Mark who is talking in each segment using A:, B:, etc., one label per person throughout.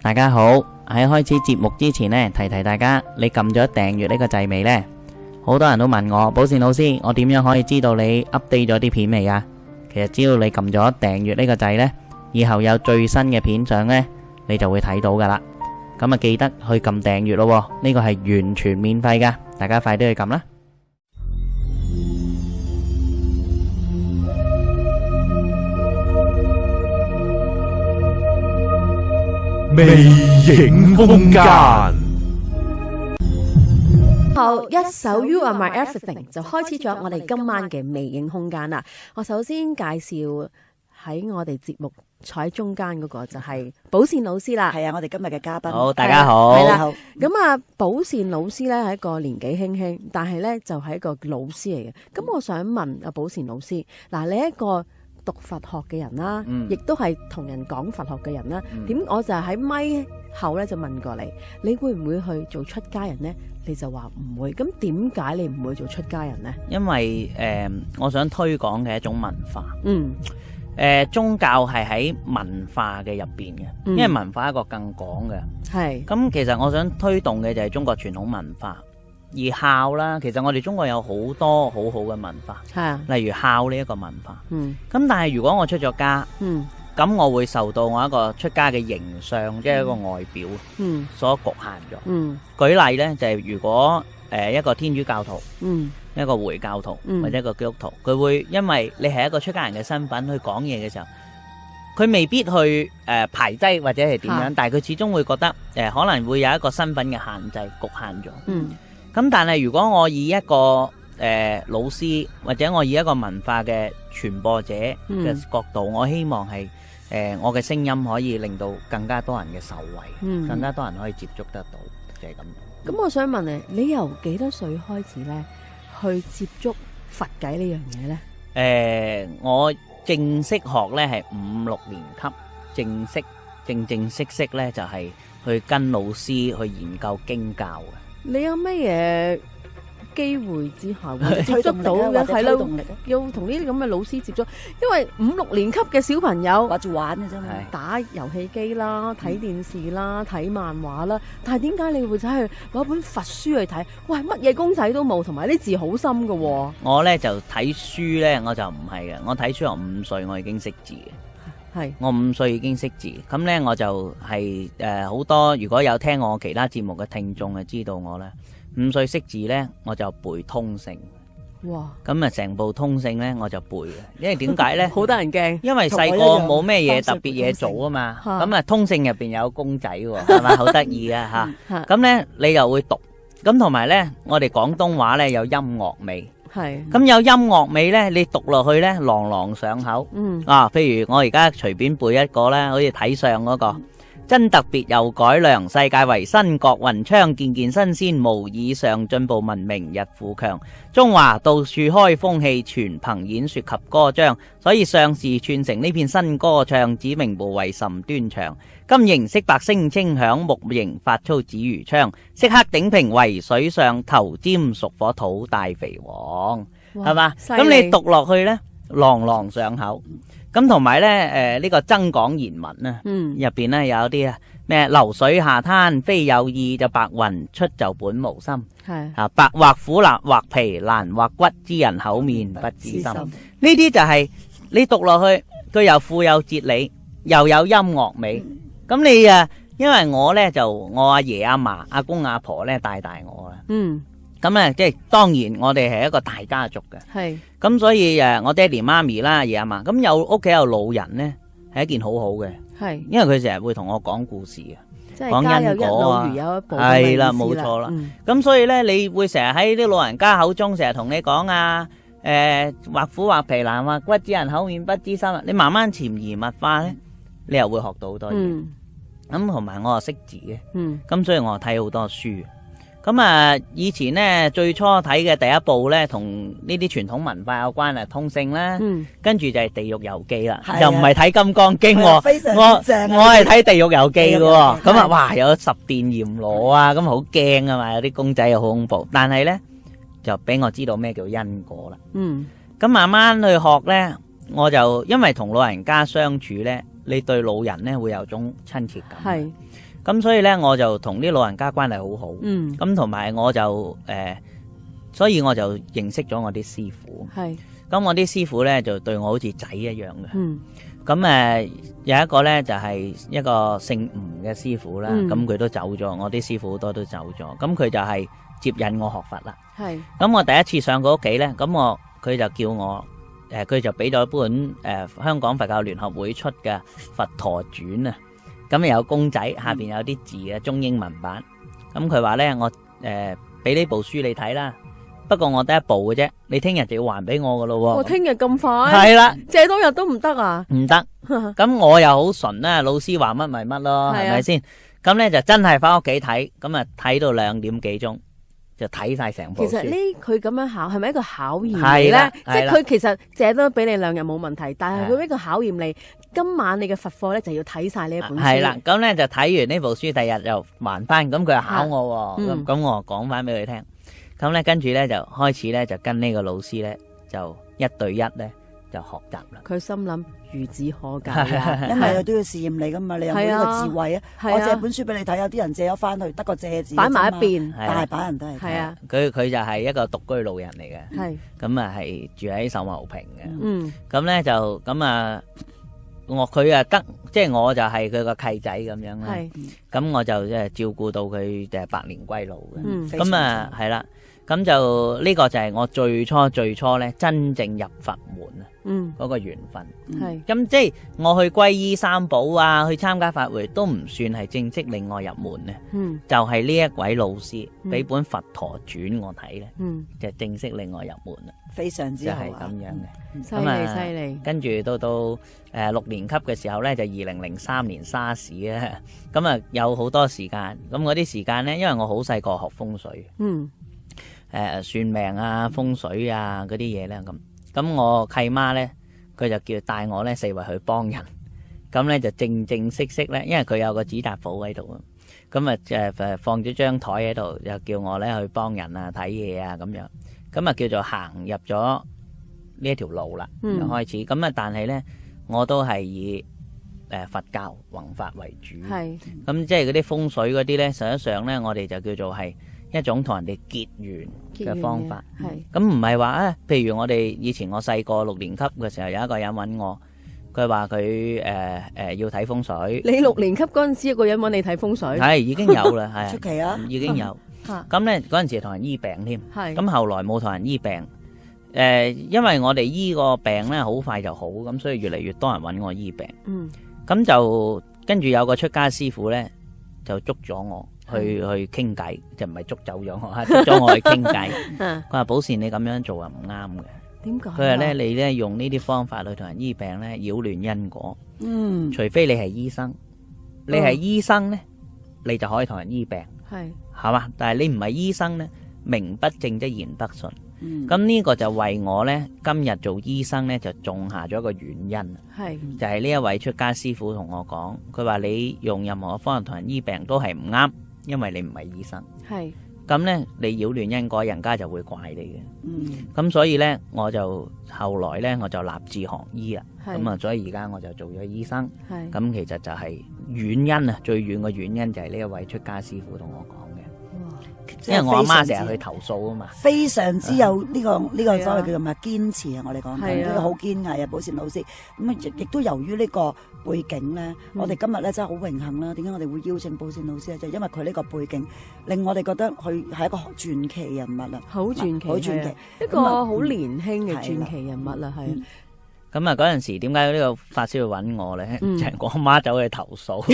A: 大家好，喺開始節目之前呢，提提大家，你撳咗訂閱呢個掣未呢？好多人都問我，寶善老師，我點樣可以知道你 update 咗啲片未啊？其實只要你撳咗訂閱呢個掣呢，以後有最新嘅片相呢，你就會睇到噶啦。咁啊，記得去撳訂閱咯，呢個係完全免費噶，大家快啲去撳啦。
B: 魅
C: 影空間，好，一首《You Are My Everything》就開始咗我哋今晚嘅魅影空間啦。我首先介紹喺我哋節目坐喺中間嗰個就係寶善老師啦。係啊，我哋今日嘅嘉賓。好，大家好。係啦，咁啊，寶善老師咧係一個年紀輕輕，但係咧就係一個老師嚟嘅。咁我想問阿寶善老師，嗱，你一個。讀佛學嘅人啦，亦都係同人講佛學嘅人啦。點我就喺咪後咧就問過你，你會唔會去做出家人呢？你就話唔會。咁點解你唔會做出家人呢？
A: 因為誒，我想推廣嘅一種文化，
C: 嗯
A: 誒，宗教係喺文化嘅入邊嘅，因為文化係一個更廣嘅系。咁其實我想推動嘅就係中國傳統文化。而孝啦，其實我哋中國有好多好好嘅文化，係啊，例如孝呢一個文化，嗯，咁但係如果我出咗家，嗯，咁我會受到我一個出家嘅形象，即係、嗯、一個外表，嗯，所局限咗，嗯，舉例咧就係、是、如果誒一個天主教徒，嗯，一個回教徒、嗯、或者一個基督徒，佢會因為你係一個出家人嘅身份去講嘢嘅時候，佢未必去誒排擠或者係點樣，嗯、但係佢始終會覺得誒可能會有一個身份嘅限制局限咗，嗯。嗯。咁但係如果我以一個誒、呃、老師或者我以一個文化嘅傳播者嘅角度，嗯、我希望係誒、呃、我嘅聲音可以令到更加多人嘅受惠，嗯，更加多人可以接觸得到，就係、是、咁。
C: 咁、嗯、我想問你，你由幾多歲開始咧去接觸佛偈呢樣嘢咧？
A: 誒、呃，我正式學咧係五六年級，正式正正式式咧就係、是、去跟老師去研究經教嘅。
C: 你有咩嘢機會之下會接觸到嘅？係啦， 要同呢啲咁嘅老師接觸，因為五六年級嘅小朋友，或者玩嘅啫，打遊戲機啦、睇電視啦、睇漫畫啦。但係點解你會走去攞本佛書去睇？喂，乜嘢公仔都冇，同埋啲字好深㗎啊。
A: 我咧就睇書咧，我就唔係嘅。我睇書，我五歲我已經識字嘅。係，我五歲已經識字，咁咧我就係誒好多，如果有聽我其他節目嘅聽眾啊知道我咧，五歲識字咧我就背通勝，
C: 哇，
A: 咁啊成部通勝咧我就背嘅。因為點解咧？好得人驚，因為細個冇咩嘢特別嘢做啊嘛，咁啊通勝入邊有公仔喎，係咪好得意啊吓？咁咧你又會讀，咁同埋咧我哋廣東話咧有音樂味。係，咁、嗯、有音樂味咧，你讀落去咧，朗朗上口。嗯，啊，譬如我而家隨便背一個咧，好似睇相嗰、那個。真特別又改良，世界為新國雲昌，件件新鮮，無以上進步文明日富強。中華到處開風氣，全憑演説及歌章。所以上士串成呢片新歌唱，唱指明部位甚端詳。金形色白聲清響，木形發粗指如槍。即刻頂平為水上，頭尖屬火土大肥黃，係嘛？咁你讀落去呢，朗朗上口。咁同埋咧，誒，呢個增廣賢文啊，嗯，入邊咧有啲啊咩，流水下灘非有意，就白雲出就本無心，係啊，白畫虎，畫皮，難畫骨知人口面不知心，呢啲就係你讀落去，佢又富有哲理，又有音樂美。咁你啊，因為我咧就我阿爺阿嫲阿公阿婆咧帶大我啊，嗯。咁咧，即係當然，我哋係一個大家族嘅，係。咁所以誒，我爹哋媽咪啦，阿爺阿嫲，咁有屋企有老人咧，係一件好好嘅，係。因為佢成日會同我講故事嘅，講因果啊，係啦，冇錯啦。咁所以咧，你會成日喺啲老人家口中成日同你講啊，誒，畫虎畫皮難畫骨，知人口面不知心啊。你慢慢潛移默化咧，你又會學到好多嘢。咁同埋我又識字嘅，咁所以我又睇好多書。咁啊，以前呢，最初睇嘅第一部呢，同呢啲傳統文化有關啊，《通勝》啦，嗯，跟住就係《地獄遊記》啦，又唔係睇《金剛經，》我我係睇《地獄遊記》嘅，咁啊，哇，有十殿閻羅啊，咁好驚啊嘛，有啲公仔又好恐怖，但係呢，就俾我知道咩叫因果啦。嗯，咁慢慢去學呢，我就因為同老人家相處呢，你對老人呢會有種親切感。係。咁所以咧，我就同啲老人家關係好好。嗯。咁同埋我就誒、呃，所以我就認識咗我啲師傅。係是。咁我啲師傅咧就對我好似仔一樣嘅。嗯。咁誒、呃、有一個咧就係、是、一個姓吳嘅師傅啦。嗯。咁佢都走咗，我啲師傅好多都走咗。咁佢就係接引我學佛啦。係是。咁我第一次上佢屋企咧，咁我佢就叫我誒，佢、呃、就俾咗一本誒、呃、香港佛教聯合會出嘅《佛陀傳》啊。咁又有公仔，下邊有啲字嘅、嗯、中英文版。咁佢話咧，我誒俾呢部書你睇啦，不過我得一部嘅啫，你聽日就要還俾我噶咯。我聽
C: 日咁快？係啦，借多日都唔得啊？
A: 唔得行。咁 我又好純啦，老師話乜咪乜咯，係咪先？咁咧、啊、就真係返屋企睇，咁啊睇到兩點幾鐘。就睇晒成部書。其實呢，
C: 佢咁樣考係咪一個考驗咧？即係佢其實借咗俾你兩日冇問題，但係佢一個考驗你的今晚你嘅佛課咧就要睇晒呢一本書。係啦，
A: 咁咧就睇完呢部書，第日又還翻。咁佢又考我，咁咁、嗯、我講翻俾佢聽。咁咧跟住咧就開始咧就跟呢個老師咧就一對一咧。就學習啦！
C: 佢心諗孺子可教， 因為佢都
B: 要試驗你噶
C: 嘛，你有冇個智慧
B: 啊？我借本書俾你睇，有啲人借咗翻去，得個借字擺埋一邊，大把人都係。係
A: 啊，佢佢、啊、就係一個獨居老人嚟嘅，咁啊係住喺秀茂坪嘅，咁咧、嗯、就咁啊我佢啊得，即係我就係佢個契仔咁樣啦，咁是我就即係照顧到佢就係百年歸老嘅，咁啊係啦。咁就呢、這個就係我最初最初呢，真正入佛門啊，嗰、嗯、個緣分係。咁是、嗯、即係我去皈依三寶啊，去參加法會都唔算係正式令我入門咧，嗯、就係呢一位老師俾、嗯、本《佛陀傳》我睇咧，就正式令我入門啦。非常之好啊，就係咁、啊、樣嘅，犀利、嗯嗯嗯、跟住到到誒六年級嘅時候呢，就二零零三年沙士咧，咁啊有好多時間。咁嗰啲時間呢，因為我好細個學風水。誒，算命啊，風水啊，嗰啲嘢咧咁。咁我契媽咧，佢就叫帶我咧四圍去幫人。咁 咧就正正式式咧，因為佢有個指砂寶喺度啊。咁啊，誒誒，放咗張台喺度，又叫我咧去幫人啊，睇嘢啊，咁樣。咁啊，叫做行入咗呢一條路啦，嗯、就開始。咁啊，但係咧，我都係以誒佛教弘法為主。係是。咁即係嗰啲風水嗰啲咧，實際上咧，我哋就叫做係。一種同人哋結緣嘅方法，係咁唔係話啊？譬如我哋以前，我細個六年級嘅時候，有一個人揾我，佢話佢誒誒要睇風水。你
C: 六年級嗰陣時，一個人揾你睇風水，係、嗯、已經有啦，係 出奇啊、嗯，已經有。咁
A: 呢，嗰陣時同人醫病添，咁後來冇同人醫病。誒是、呃，因為我哋醫個病呢，好快就好，咁所以越嚟越多人揾我醫病。嗯，咁、嗯、就跟住有個出家師傅呢，就捉咗我。去去傾偈就唔係捉走咗我，捉咗我去傾偈。佢話：寶善，你咁樣做係唔啱嘅。點解？佢話咧，你咧用呢啲方法去同人醫病咧，擾亂因果。嗯。除非你係醫生，你係醫生咧，你就可以同人醫病。係。係嘛？但係你唔係醫生咧，名不正則言不順。嗯。咁呢個就為我咧，今日做醫生咧，就種下咗一個原因。係。就係呢一位出家師傅同我講，佢話你用任何嘅方法同人醫病都係唔啱。因為你唔係醫生，係咁咧，你擾亂因果，人家就會怪你嘅。嗯，咁所以咧，我就後來咧，我就立志學醫啦。咁啊是，所以而家我就做咗醫生。係咁是，其實就係遠因啊，最遠嘅遠因就係呢一位出家師傅同我講嘅，嗯、因為我阿媽成日去投訴啊嘛，非
B: 常之有呢、這個呢、嗯這個這個所謂叫做咩堅持啊，我哋講，呢個好堅毅啊，寶、這個、善老師。咁啊，亦亦都由於呢、這個。背景咧，我哋今日咧真係好榮幸啦！點解我哋會邀請寶善老師咧？就係因為佢呢個背景令我哋覺得佢係一個傳奇人物啦，
C: 好傳奇好傳奇係啊，一個好年輕嘅傳奇人物啦，係的。
A: 咁啊，嗰陣時點解呢個法師會揾我咧？就我阿媽走去投訴。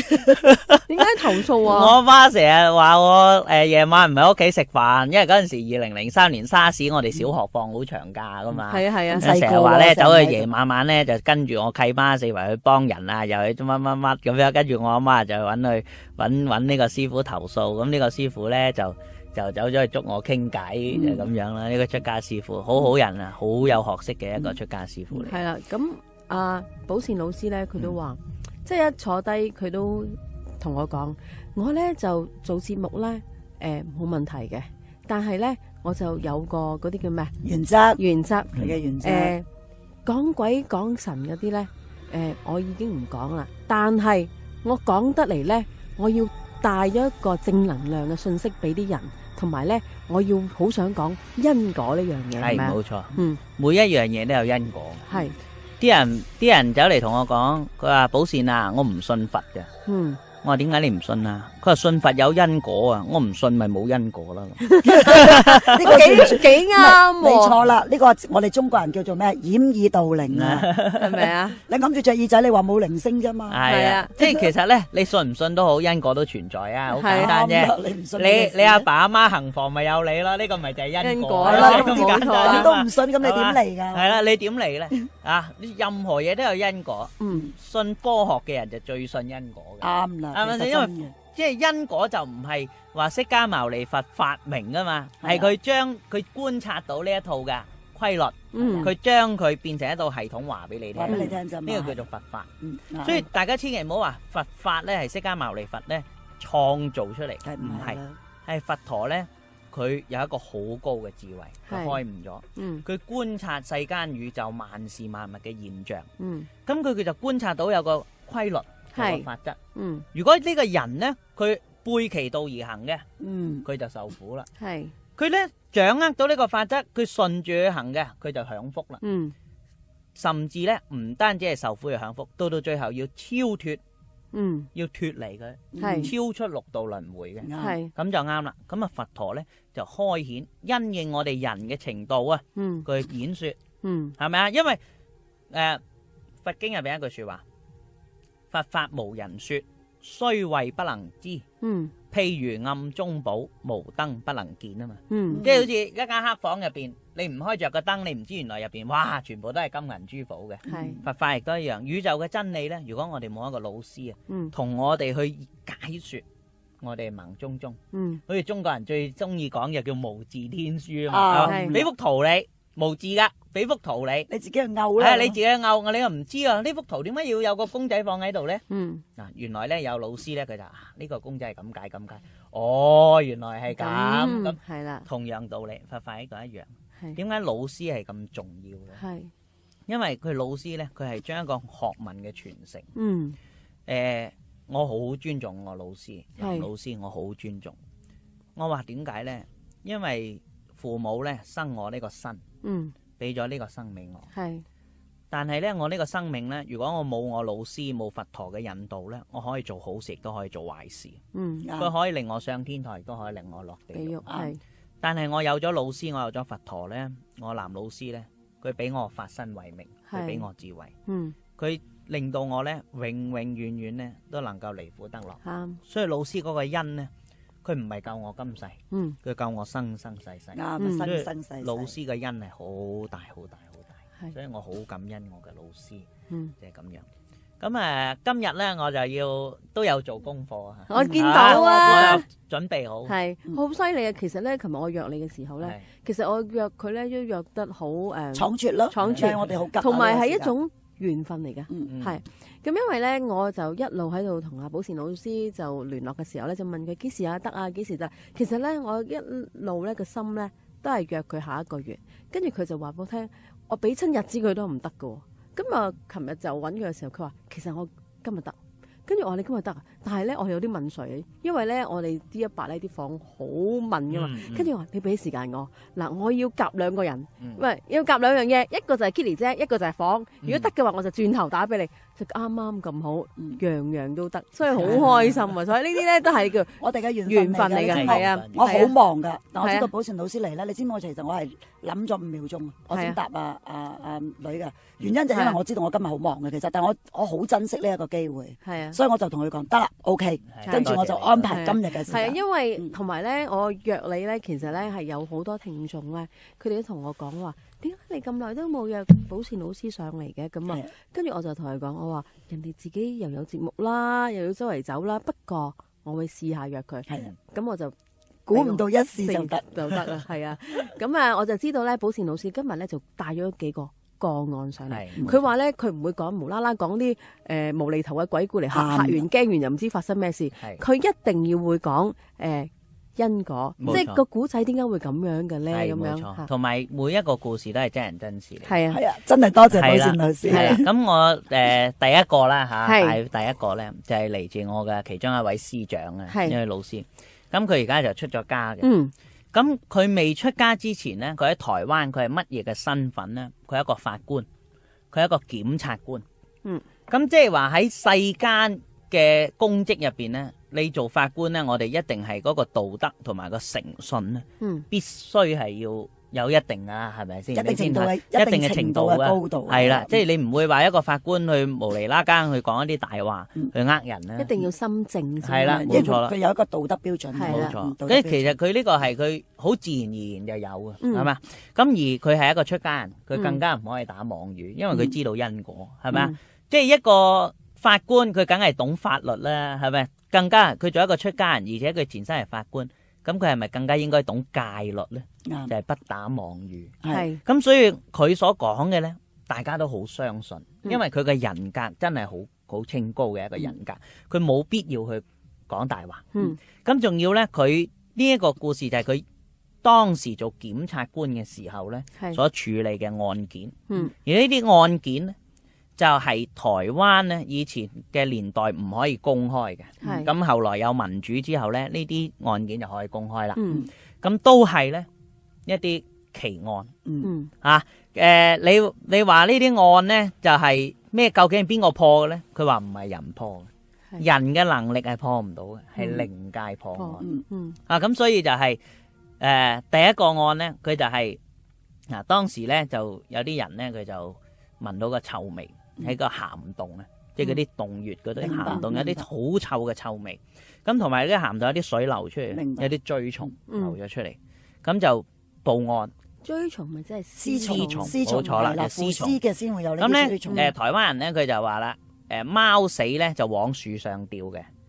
C: 點解投訴啊？ 我阿媽
A: 成日話我誒，夜、呃、晚唔喺屋企食飯，因為嗰陣時二零零三年沙士、嗯，我哋小學放好長假噶嘛。係啊係啊，成日話咧，走去夜晚晚咧就跟住我契媽四圍去幫人啊，又去乜乜乜咁樣。跟住我阿媽就去揾去揾揾呢個師傅投訴。咁呢個師傅咧就。就走咗去捉我傾偈、嗯、就咁樣啦！呢、呢個出家師傅，好好人啊，好有學識嘅一個出家師傅嚟。
C: 係啦、嗯，咁阿、啊、寶善老師咧，佢都話，嗯、即係一坐低佢都同我講，我咧就做節目咧，誒、呃、冇問題嘅。但係咧，我就有個嗰啲叫咩原則原則嘅原則誒、嗯呃、講鬼講神嗰啲咧，誒、呃、我已經唔講啦。但係我講得嚟咧，我要帶咗一個正能量嘅信息俾啲人。同埋咧，我要好想講因果呢樣嘢，係冇錯。嗯，
A: 每一樣嘢都有因果。係是，啲人啲人走嚟同我講，佢話寶善啊，我唔信佛嘅。嗯，我話點解你唔信啊？佢話信佛有因果啊，我唔信咪冇因果啦。你幾
B: 幾啱，冇錯啦。呢個我哋中國人叫做咩掩耳盜鈴啊，係
A: 咪啊？你諗住隻耳仔，你話冇鈴聲啫嘛。係啊，即係其實咧，你信唔信都好，因果都存在啊，好簡單啫。你你阿爸阿媽行房咪有你咯，呢個咪就係因果咯，咁簡單。你都唔信，咁你點嚟噶？係啦，你點嚟咧？啊，任何嘢都有因果。嗯，信科學嘅人就最信因果嘅。啱啦，啱唔啱先？因為即係因果就唔係話釋迦牟尼佛發明噶嘛，係佢將佢觀察到呢一套嘅規律，佢將佢變成一套系統話俾你聽，呢個叫做佛法。所以大家千祈唔好話佛法咧係釋迦牟尼佛咧創造出嚟嘅，唔係，係佛陀咧佢有一個好高嘅智慧，佢開悟咗，佢觀察世間宇宙萬事萬物嘅現象，咁佢佢就觀察到有個規律。法則，嗯，如果呢個人咧，佢背其道而行嘅，嗯，佢就受苦啦。係，佢咧掌握到呢個法則，佢順住去行嘅，佢就享福啦。嗯，甚至咧唔單止係受苦又享福，到到最後要超脫，嗯，要脫離佢，係超出六道輪迴嘅，係咁就啱啦。咁啊，佛陀咧就開顯因應我哋人嘅程度啊，嗯，佢演說，嗯，係咪啊？因為誒，佛經入邊有一句說話。佛法無人說，雖慧不能知。嗯，譬如暗中寶，無燈不能見啊嘛。嗯，即係好似一間黑房入邊，你唔開着個燈，你唔知原來入邊，哇，全部都係金銀珠寶嘅。係，佛法亦都一樣，宇宙嘅真理咧。如果我哋冇一個老師啊，嗯，同我哋去解說，我哋盲中中。嗯，好似中國人最中意講嘅叫無字天書啊嘛。啊，係。呢幅圖你。冇字噶，俾幅圖你，你自己去拗啦。係啊，你自己去拗，我你又唔知啊？呢幅圖點解要有個公仔放喺度咧？嗯，嗱，原來咧有老師咧，佢就話呢個公仔係咁解咁解。哦，原來係咁咁，係啦，同樣道理，發發喺度一樣。係，點解老師係咁重要咧？係，因為佢老師咧，佢係將一個學問嘅傳承。嗯，誒，我好尊重我老師，老師我好尊重。我話點解咧？因為父母咧生我呢個身。嗯，俾咗呢個生命我，係是，但係咧，我呢個生命咧，如果我冇我老師冇佛陀嘅引導咧，我可以做好事亦都可以做壞事，嗯，佢可以令我上天台，亦都可以令我落地獄，係，但係我有咗老師，我有咗佛陀咧，我男老師咧，佢俾我法身慧命，佢俾是我智慧，嗯，佢令到我咧永永遠遠咧都能夠離苦得樂，啱、嗯，所以老師嗰個恩咧。佢唔係教我今世，佢教我生生世世。啊，生生世世。老師嘅恩係好大好大好大，所以我好感恩我嘅老師，即係咁樣。咁誒，今日咧我就要都有做功課啊。我見到啊，準備好係
C: 好犀利啊！其實咧，琴日我約你嘅時候咧，其實我約佢咧都約得好誒，倉促咯，倉促。我哋好急，同埋係一種。緣分嚟噶，係咁、嗯嗯，因為咧我就一路喺度同阿寶善老師就聯絡嘅時候咧，就問佢幾時啊得啊幾時得，啊啊？其實咧我一路咧個心咧都係約佢下一個月，跟住佢就話俾我聽，我俾親日子佢都唔得嘅，咁啊，琴日就揾佢嘅時候，佢話其實我今日得。跟住我話你今日得，但係咧我有啲問水，因為咧我哋啲一百呢啲房好問噶嘛，跟住、嗯嗯、我話你俾時間我，嗱我要夾兩個人，唔係、嗯、要夾兩樣嘢，一個就係 Kitty 姐，一個就係房，如果得嘅話我就轉頭打俾你。食啱啱咁好，樣樣都得，所以好開心啊！所以呢啲咧都係叫我哋嘅緣分嚟嘅，係啊！我好忙噶，但我知道
B: 寶善老師嚟啦，你知唔知我其實我係諗咗五秒鐘，我先答啊啊啊女嘅，原因就係因為我知道我今日好忙嘅，其實，但係我我好珍惜呢一個機會，係啊！所以我就同佢講得啦，OK，跟住我就安排今日嘅時間。係啊，因
C: 為同埋咧，我約你咧，其實咧係有好多聽眾咧，佢哋都同我講話。點解你咁耐都冇約寶善老師上嚟嘅？咁啊的，跟住我就同佢講，我話人哋自己又有節目啦，又要周圍走啦。不過我會試下約佢。係的，咁我就估唔到一試就得 就得啦。係啊，咁啊我就知道咧，寶善老師今日咧就帶咗幾個個案上嚟。佢話咧佢唔會講無啦啦講啲誒無厘頭嘅鬼故嚟嚇，的嚇完驚完又唔知發生咩事。佢的的一定要會講誒。呃呃呃因果，即係個古仔點解會咁樣嘅咧？咁樣，
A: 同埋每一個故事都係真人真事。係啊，真係
B: 多謝寶善老師。
A: 咁我誒、呃、第一個啦吓，係、 啊、第一個咧，就係、是、嚟自我嘅其中一位師長啊，呢位的老師。咁佢而家就出咗家嘅。嗯。咁佢未出家之前咧，佢喺台灣，佢係乜嘢嘅身份咧？佢係一個法官，佢係一個檢察官。嗯。咁即係話喺世間嘅公職入邊咧。你做法官咧，我哋一定係嗰個道德同埋個誠信咧，必須係要有一定啊，係咪先？一定程度，一定嘅程度嘅高度，係啦，即係你唔會話一個法官去無厘啦更去講一啲大話去呃人咧，一定要
C: 心正，係啦，冇錯
A: 啦，佢有
B: 一個道德標準，冇錯。跟住其
A: 實佢呢個係佢好自然而然就有嘅，係嘛？咁而佢係一個出家人，佢更加唔可以打妄語，因為佢知道因果，係嘛？即係一個。法官佢梗係懂法律啦，係咪？更加佢做一個出家人，而且佢前身係法官，咁佢係咪更加應該懂戒律咧？嗯、就係不打妄語。係咁，是所以佢所講嘅咧，大家都好相信，因為佢嘅人格真係好好清高嘅一個人格，佢冇、嗯、必要去講大話。嗯，咁仲要咧，佢呢一個故事就係佢當時做檢察官嘅時候咧，是所處理嘅案件。嗯，而呢啲案件咧。就係台灣咧，以前嘅年代唔可以公開嘅。係咁、嗯，後來有民主之後咧，呢啲案件就可以公開啦。嗯，咁都係咧一啲奇案。嗯啊，誒，你你話呢啲案咧就係咩？究竟係邊個破嘅咧？佢話唔係人破嘅，人嘅能力係破唔到嘅，係靈界破案。嗯啊，咁所以就係、是、誒、呃、第一個案咧，佢就係、是、嗱、啊、當時咧就有啲人咧佢就聞到個臭味，喺個涵洞啊，即係嗰啲洞穴嗰啲涵洞，有啲好臭嘅臭味，咁同埋啲涵洞有啲水流出嚟，有啲蛆蟲流咗出嚟，咁就報案。
B: 蛆蟲咪即係屍蟲，屍蟲冇錯啦，嘅屍蟲嘅先會有呢啲。誒，
A: 台灣人咧，佢就話啦，誒，貓死咧就往樹上吊嘅。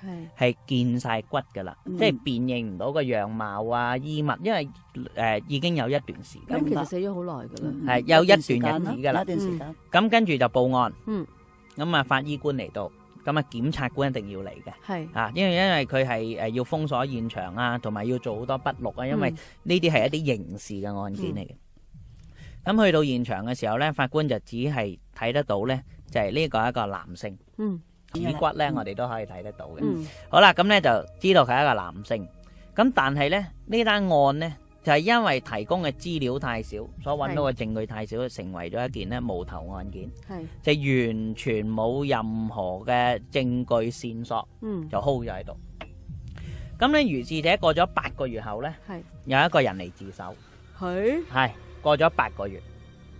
A: 係係見晒骨噶啦，即係辨認唔到個樣貌啊、衣物，因為誒已經有一段時間咁，其實
C: 死咗好耐噶啦，係有一段日子噶啦，一段時
A: 間。咁跟住就報案，嗯，咁啊法醫官嚟到，咁啊檢察官一定要嚟嘅。係啊，因為因為佢係誒要封鎖現場啊，同埋要做好多筆錄啊，因為呢啲係一啲刑事嘅案件嚟嘅。咁去到現場嘅時候咧，法官就只係睇得到咧，就係呢個一個男性，嗯。耳骨咧，嗯、我哋都可以睇得到嘅。嗯、好啦，咁咧就知道佢係一個男性。咁但係咧呢單案咧就係、是，因為提供嘅資料太少，所揾到嘅證據太少，是成為咗一件咧無頭案件，是就完全冇任何嘅證據線索，嗯、就 hold 咗喺度。咁咧，如是者過咗八個月後咧，是有一個人嚟自首係是過咗八個月。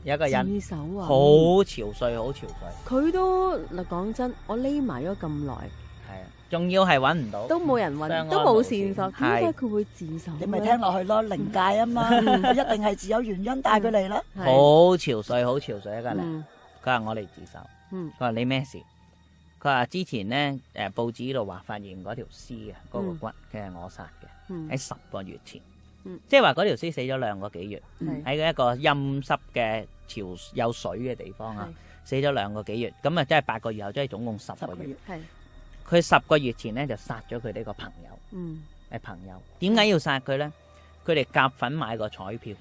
A: 一個人，自首啊。好憔悴，好憔悴。佢
C: 都嗱，講真，我匿埋咗咁耐，
A: 係啊，仲要係揾唔到，都冇人揾，都冇線索。點解
C: 佢會自首？你咪聽落去咯，靈界啊嘛，一定係自
B: 有原因帶佢嚟啦好
A: 憔悴，好憔悴啊！家玲，佢話我嚟自首，佢話你咩事？佢話之前咧，誒，報紙度話發現嗰條屍嘅嗰個骨，佢係我殺嘅，喺十個月前。嗯、即係話嗰條屍死咗兩個幾月，喺的一個陰濕嘅潮有水嘅地方啊，的死咗兩個幾月，咁啊即係八個月後，即係總共十個月。係佢十個月前咧就殺咗佢呢個朋友，嗯，係朋友。點解要殺佢咧？佢哋夾份買個彩票，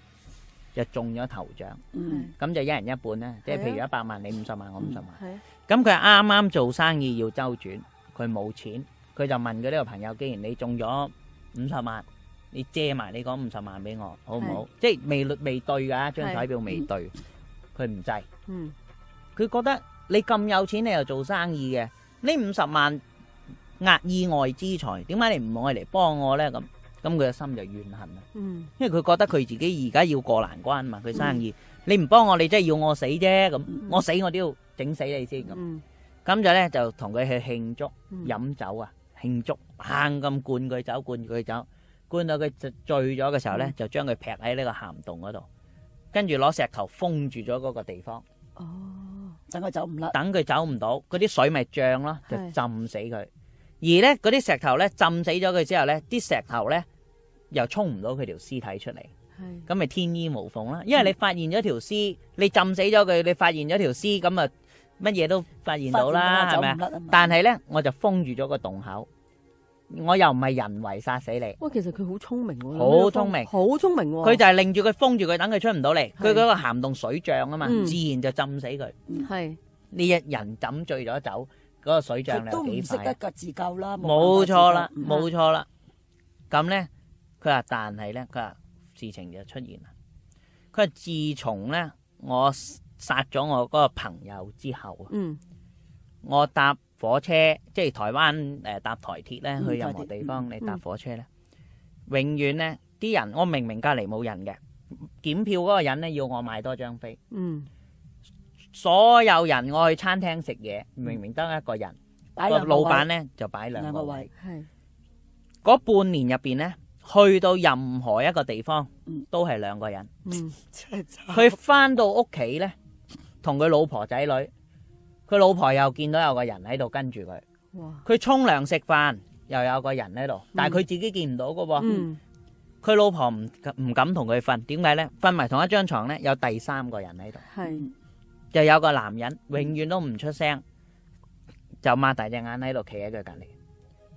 A: 就中咗頭獎。嗯，咁就一人一半啦，即係譬如一百萬，的你五十萬，我五十萬。係咁佢啱啱做生意要周轉，佢冇錢，佢就問佢呢個朋友，既然你中咗五十萬。你借埋你講五十萬俾我，好唔好？即係未律未對噶，張彩票未對，佢唔制。嗯，佢覺得你咁有錢，你又做生意嘅，呢五十萬額意外之財，點解你唔愛嚟幫我咧？咁咁佢嘅心就怨恨啦。嗯，因為佢覺得佢自己而家要過難關啊嘛，佢生意你唔幫我，你真係要我死啫。咁我死我都要整死你先。咁咁就咧就同佢去慶祝，飲酒啊，慶祝，猛咁灌佢酒，灌佢酒。灌到佢醉咗嘅時候咧，就將佢劈喺呢個涵洞嗰度，跟住攞石頭封住咗嗰個地方。
B: 哦，等佢走唔甩，
A: 等佢走唔到，嗰啲水咪漲咯，就浸死佢。而咧嗰啲石頭咧，浸死咗佢之後咧，啲石頭咧又沖唔到佢條屍體出嚟。係，咁咪天衣無縫啦。因為你發現咗條屍，你浸死咗佢，你發現咗條屍，咁啊乜嘢都發現到啦，係咪啊？但係咧，我就封住咗個洞口。我又唔係人為殺死你。
C: 哇，其實佢好聰明，好聰明，好聰明。佢就
A: 係令住佢封住佢，等佢出唔到嚟。佢嗰是個涵洞水漲啊嘛，嗯、自然就浸死佢。係呢是一人枕醉咗走，嗰、那個水漲咗幾排。都唔識得自
B: 救，自救冇錯啦。冇錯、嗯、啦，冇錯
A: 啦。咁咧，佢話但係咧，佢話事情就出現啦。佢話自從咧我殺咗我嗰個朋友之後啊，嗯、我答。火車即係台灣誒、呃、搭台鐵咧，嗯、台鐵去任何地方、嗯、你搭火車咧，永遠咧啲人，我明明隔籬冇人嘅，檢票嗰個人咧要我買多張飛。
D: 嗯，
A: 所有人，我去餐廳食嘢，明明得一個人，個、嗯、老闆咧、嗯、就擺兩個位。係，嗰半年入邊咧，去到任何一個地方都係兩個人。嗯，佢、嗯、翻 到屋企咧，同佢老婆仔女。 佢老婆又見到有個人喺度跟住佢，佢沖涼食飯又有個人喺度，但係佢自己見唔到嘅喎。佢、嗯嗯、老婆唔唔敢同佢瞓，點解咧？瞓埋同一張床咧，有第三個人喺度，就是有個男人永遠都唔出聲，嗯、就擘大隻眼喺度企喺佢隔離，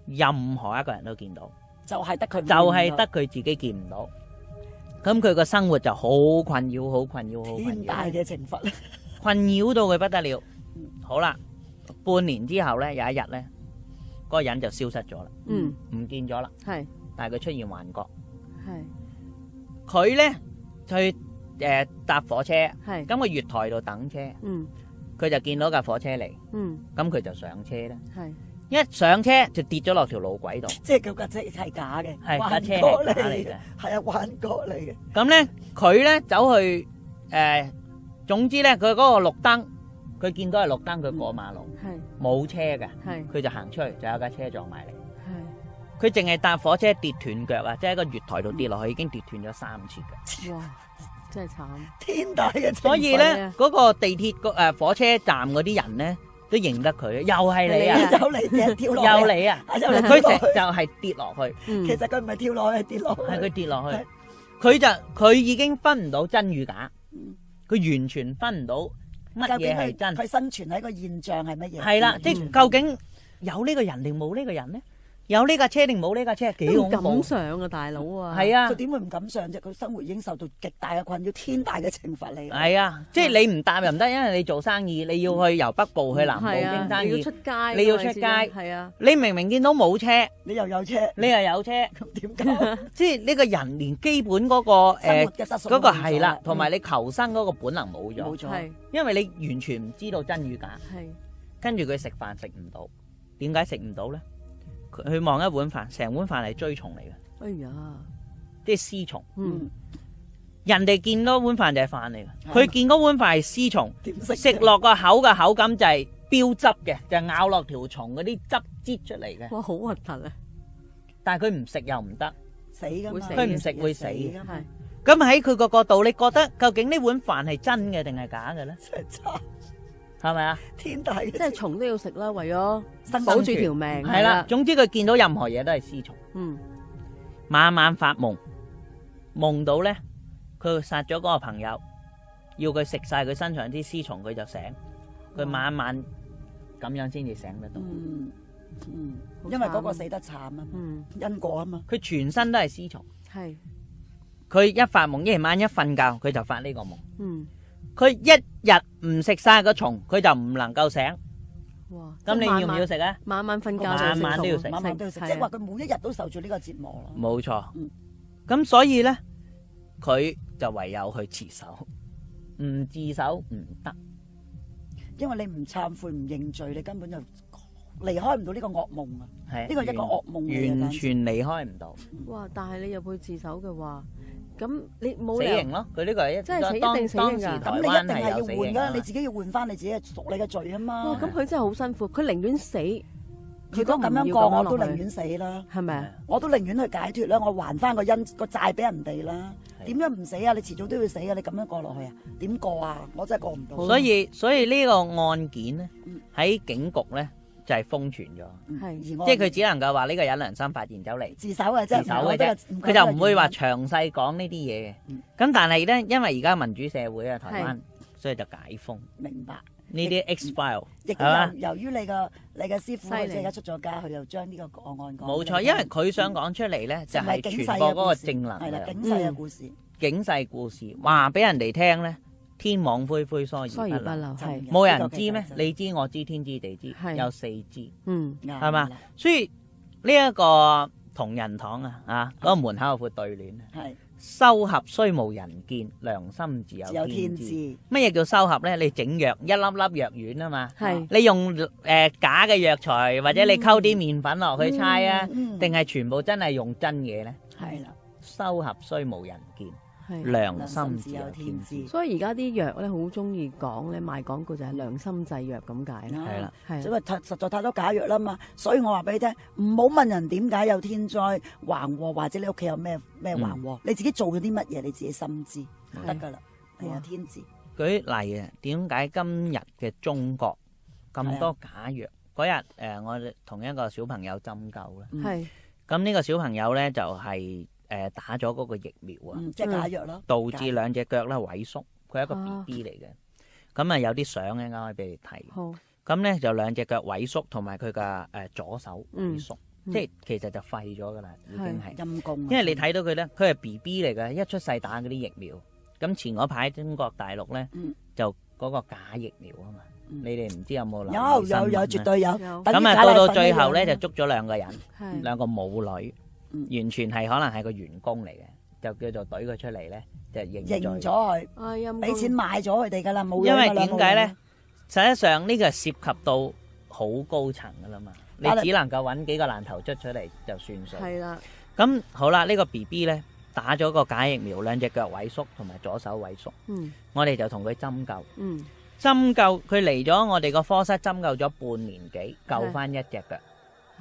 A: 任何一個人都見到，就係得佢，就係得佢自己見唔到。咁佢個生活就好困擾，好困擾，好大嘅懲罰， 困擾到佢不得了。好啦，半年之後咧，有一日咧，嗰個人就消失咗啦，唔見咗啦。係，但係佢出現幻覺。係，佢咧去誒搭火車，咁個月台度等車，佢就見到架火車嚟，咁佢就上車咧。係，一上車就跌咗落條路軌度，即係佢架車係假嘅，係架車嚟嘅，係幻覺嚟
B: 嘅，係啊幻覺嚟嘅。
A: 咁咧佢咧走去誒，總之咧佢嗰個綠燈。佢見到係綠燈，佢過馬路，冇車嘅，佢就行出去，就有架車撞埋嚟。佢淨係搭火車跌斷腳啊！即係個月台度跌落去，已經跌斷咗三次嘅。哇！
C: 真係慘，天大
A: 嘅！所以咧，嗰個地鐵個誒火車站嗰啲人咧，都認得佢，又係你啊！又嚟跌跳落去又嚟啊！佢就就係跌落去。其實佢唔係跳落去，係跌落去。係佢跌落去。佢就佢已經分唔到真與假，佢完全分唔到。究竟佢佢生存喺一個現象係乜嘢？係啦了，即係、那個嗯、究竟有呢個人定冇呢個人咧？有呢架車定冇呢架車，幾敢上啊，大佬啊！係啊，佢點會唔敢上啫？佢生活已經受到極大嘅困
B: 擾，天大嘅懲罰你。係
A: 啊，即係你唔搭又唔得，因為你做生意，你要去由北部去南部，經生意，你要出街，你要出街，係啊。你明明見到冇車，你又有車，你又有車，咁點解？即係呢個人連基本嗰個誒嗰個係啦，同埋你求生嗰個本能冇咗，冇錯，係，因為你完全唔知道真與假，係，跟住佢食飯食唔到，點解食唔到咧？佢望一碗飯，成碗飯係追蟲嚟嘅。哎呀，即係屍蟲。嗯，人哋見到嗰碗飯就係飯嚟嘅，佢見嗰碗飯係屍蟲，食落個口嘅口感就係標汁嘅，就咬落條蟲嗰啲汁擠出嚟嘅。哇，好核突啊！但係佢唔食又唔得，死噶嘛，佢唔食會死。咁喺佢個角度，你覺得究竟呢碗飯係真嘅定係假嘅咧？真真。係咪啊？天底
C: 即係蟲都要食啦，為咗保住條命。係啦，
A: 總之佢見到任何嘢都係屍蟲。嗯，晚晚發夢，夢到咧，佢殺咗嗰個朋友，要佢食晒佢身上啲屍蟲，佢就醒。佢晚晚咁樣先至醒得到。嗯，因為嗰個死得慘啊，因果啊嘛。佢全身都係屍蟲。係，佢一發夢，一夜晚一瞓覺，佢就發呢個夢。嗯。佢一日唔食晒個蟲，佢就唔能夠醒。
C: 哇！咁那你晚要唔要食啊？晚晚瞓覺
D: 晚晚都要食，即係話
C: 佢每一日都受
B: 住呢個折磨咯。
A: 冇錯錯。咁、嗯、所以咧，佢就唯有去自首。唔自首唔得，
B: 因為你唔懺悔唔
C: 認罪，你根本
B: 就離開唔到呢個噩夢啊！
A: 呢個一個噩夢，完全離開唔到、嗯。
C: 哇！但係你又去自首嘅話。咁你冇死刑咯？
A: 佢呢個係一真係一定死刑噶。咁你一定係要換噶，你
C: 自己要換翻你自己贖你嘅罪啊嘛。咁
B: 佢真係好辛苦，佢寧願死。如果咁樣過，我都寧願死啦。
C: 係咪啊？
B: 我都寧願去解脱啦，我還翻個因個債俾人哋啦。點樣唔死啊？你遲早都要死啊，你咁樣過落去啊？點過啊？我真係過唔到。所以
A: 所以呢個案件咧，喺警局咧。就係封存咗，即係佢只能夠話呢個有良心發現走嚟自首嘅啫，自首嘅啫，佢就唔會話詳細講呢啲嘢嘅。咁但係咧，因為而家民主社會啊，台灣，所以就解封，明白呢啲 X file。係嘛？
B: 由於你個你嘅師傅即係而家出咗街，佢就將呢個個案講。冇錯，因為
A: 佢想講出嚟咧，就係傳播嗰個正能量。係啦，警世嘅故事。警世故事話俾人哋聽咧。天網恢恢，疏而不漏，係冇人知咩？你知我知，天知地知，有四知，嗯，係嘛？所以呢一個同仁堂啊，啊，嗰個門口嗰副對聯，係修合雖無人見，良心自有天知。乜嘢叫修合咧？你整藥一粒粒藥丸啊嘛，係你用誒假嘅藥材，或者你溝啲麵粉落去猜啊，定係全部真係用真嘢咧？係啦，修合雖無人見。良心自有天知，所
C: 以而家啲藥咧好中意講咧賣廣告就係良心製藥咁解啦。係
B: 啦，所以實實在太多假藥啦嘛，所以我話俾你聽，唔好問人點解有天災橫禍，或者你屋企有咩咩橫禍，你自己做咗啲乜嘢，你自己心知得噶啦。係啊，天知。
A: 舉例啊，點解今日嘅中國咁多假藥？嗰日誒，我哋同一個小朋友針灸啦，係咁呢個小朋友咧就係。誒打咗嗰個疫苗啊，即係假藥咯，導致兩隻腳咧萎縮。佢係一個 B B 嚟嘅，咁啊有啲相咧啱啱俾你睇，咁咧就兩隻腳萎縮，同埋佢嘅誒左手萎縮，即係其實就廢咗㗎啦，已經係陰公。因為你睇到佢咧，佢係 B B 嚟嘅，一出世打嗰啲疫苗。咁前嗰排中國大陸咧，就嗰個假疫苗啊嘛，你哋唔知有冇留意？有有有，絕對有。咁啊到到最後咧，就捉咗兩個人，兩個母女。完全係，可能係個員工嚟嘅，就叫做懟佢出嚟咧，就認咗
B: 佢，俾錢買咗佢哋噶啦，冇用，因為點解咧？
A: 實際上呢個係涉及到好高層噶啦嘛，你只能夠揾幾個爛頭蟀出嚟就算數。係啦的，咁好啦，這個，BB 呢個 B B 咧，打咗個假疫苗，兩隻腳萎縮同埋左手萎縮。嗯，我哋就同佢針灸。嗯，針灸，佢嚟咗我哋個科室針灸咗半年幾，救翻一隻腳。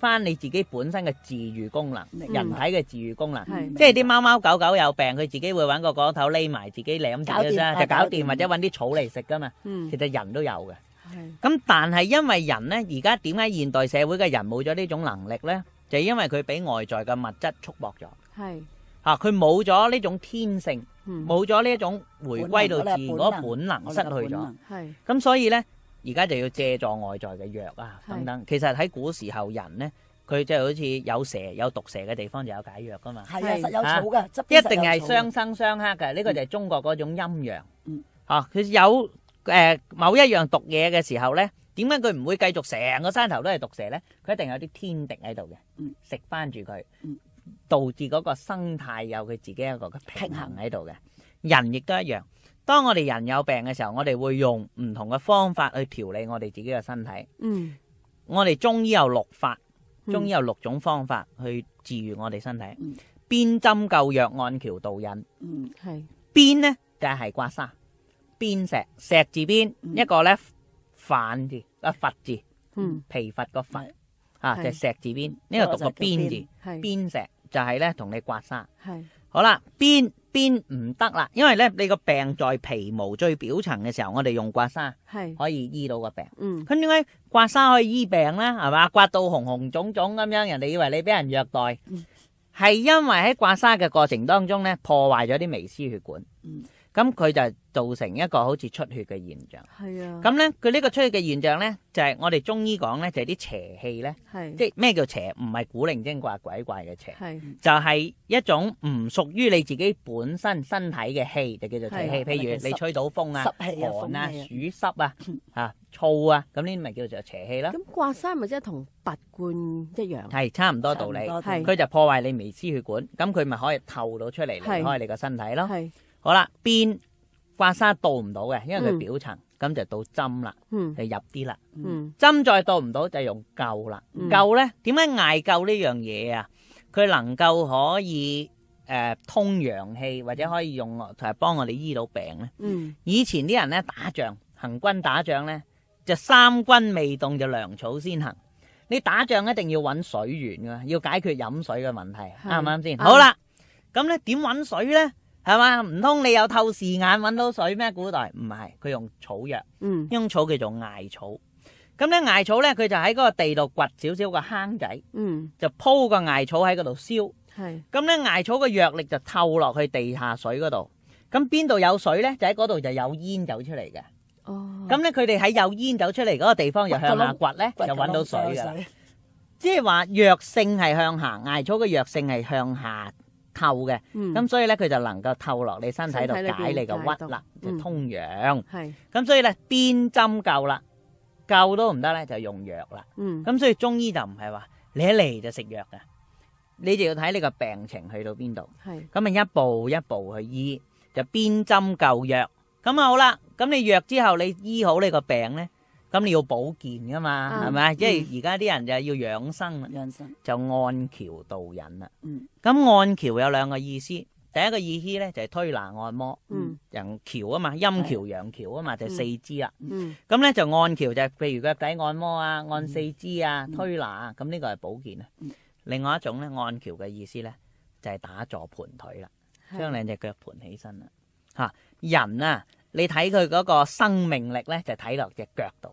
A: 翻你自己本身嘅自愈功能，人體嘅自愈功能，即係啲貓貓狗狗有病，佢自己會揾個果頭匿埋自己舐住嘅啫，就搞掂，或者揾啲草嚟食噶嘛。嗯，其實人都有嘅。係。咁但係因為人咧，而家點解現代社會嘅人冇咗呢種能力咧？就係因為佢俾外在嘅物質束縛咗。係。吓，佢冇咗呢種天性，冇咗呢一種回歸到自然嗰本能，失去咗。係。咁所以咧。而家就要借助外在嘅藥啊等等，其實喺古時候人咧，佢就好似有蛇有毒蛇嘅地方就有解藥噶嘛，係啊實有草噶，啊、草一定係雙生雙克嘅，呢、嗯、個就係中國嗰種陰陽，嚇佢、嗯啊、有誒、呃、某一樣毒嘢嘅時候咧，點解佢唔會繼續成個山頭都係毒蛇咧？佢一定有啲天敵喺度嘅，食翻住佢，導致嗰個生態有佢自己一個平衡喺度嘅，平衡人亦都一樣。當我哋人有病嘅時候，我哋會用唔同嘅方法去調理我哋自己嘅身體。嗯，我哋中醫有六法，中醫有六種方法去治愈我哋身體。嗯，砭針灸藥按蹻導引。嗯，係砭咧，就係、是、刮痧。砭石，石字邊，一個咧乏字啊，乏字。字字嗯，疲乏個乏啊，就係、是、石字邊呢、這個讀個邊字，砭石就係咧同你刮痧。係好啦，砭。邊唔得啦，因為咧你個病在皮毛最表層嘅時候，我哋用刮痧係可以醫到個病。嗯是，咁點解刮痧可以醫病咧？係嘛，刮到紅紅腫腫咁樣，人哋以為你俾人虐待，係、嗯、因為喺刮痧嘅過程當中咧，破壞咗啲微絲血管。嗯。咁佢就造成一個好似出血嘅現象。
D: 係啊。咁
A: 咧，佢呢個出血嘅現象咧，就係我哋中醫講咧，就係啲邪氣咧。係。即係咩叫邪？唔係古靈精怪鬼怪嘅邪。係。就係一種唔屬於你自己本身身體嘅氣，就叫做邪氣。譬如你吹到風啦，寒啦，暑濕啊，嚇燥啊，咁呢啲咪叫做邪氣咯。咁
C: 刮痧咪即係同拔罐一樣？
A: 係差唔多道理。係。佢就破壞你微絲血管，咁佢咪可以透到出嚟離開你個身體咯。係。好啦，邊刮痧到唔到嘅，因為佢表層，咁就到針啦，就入啲啦。針再到唔到就用灸啦。灸咧，點解艾灸呢樣嘢啊？佢能夠可以誒通陽氣，或者可以用同埋幫我哋醫到病
D: 咧。
A: 以前啲人咧打仗行軍打仗咧，就三軍未動就糧草先行。你打仗一定要搵水源㗎，要解決飲水嘅問題，啱唔啱先？好啦，咁咧點搵水咧？係嘛？唔通你有透視眼揾到水咩？古代唔係，佢用草藥，嗯，呢種草叫做艾草。咁呢艾草咧，佢就喺嗰個地度掘少少個坑仔，嗯，就鋪個艾草喺嗰度燒，
D: 係
A: 是。咁呢艾草嘅藥力就透落去地下水嗰度。咁邊度有水咧？就喺嗰度就有煙走出嚟嘅。哦。咁呢佢哋喺有煙走出嚟嗰個地方又向下掘咧，就揾到水嘅。哦。即係話藥性係向下，艾草嘅藥性係向下。透嘅，咁、嗯、所以咧佢就能夠透落你身體度解，解你個鬱啦，就通陽。係，咁所以咧邊針灸啦，灸都唔得咧就用藥啦。嗯，咁所以中醫就唔係話你一嚟就食藥噶，你就要睇你個病情去到邊度。係是，咁咪一步一步去醫，就邊針灸藥。咁啊好啦，咁你藥之後你醫好你呢個病咧？咁你要保健噶嘛，係咪、嗯？因為而家啲人就係要養生，嗯、就按橋導引啦。咁、嗯、按橋有兩個意思，第一個意思咧就係推拿按摩，嗯、人橋啊嘛，陰橋、陽橋啊嘛，就係、四肢啦。咁咧、嗯嗯、就按橋就係，譬如腳底按摩啊，按四肢啊，嗯、推拿，咁呢個係保健啊。嗯、另外一種咧，按橋嘅意思咧就係打坐盤腿啦，將兩隻腳盤起身啦。吓的，人啊，你睇佢嗰個生命力咧，就睇落隻腳度。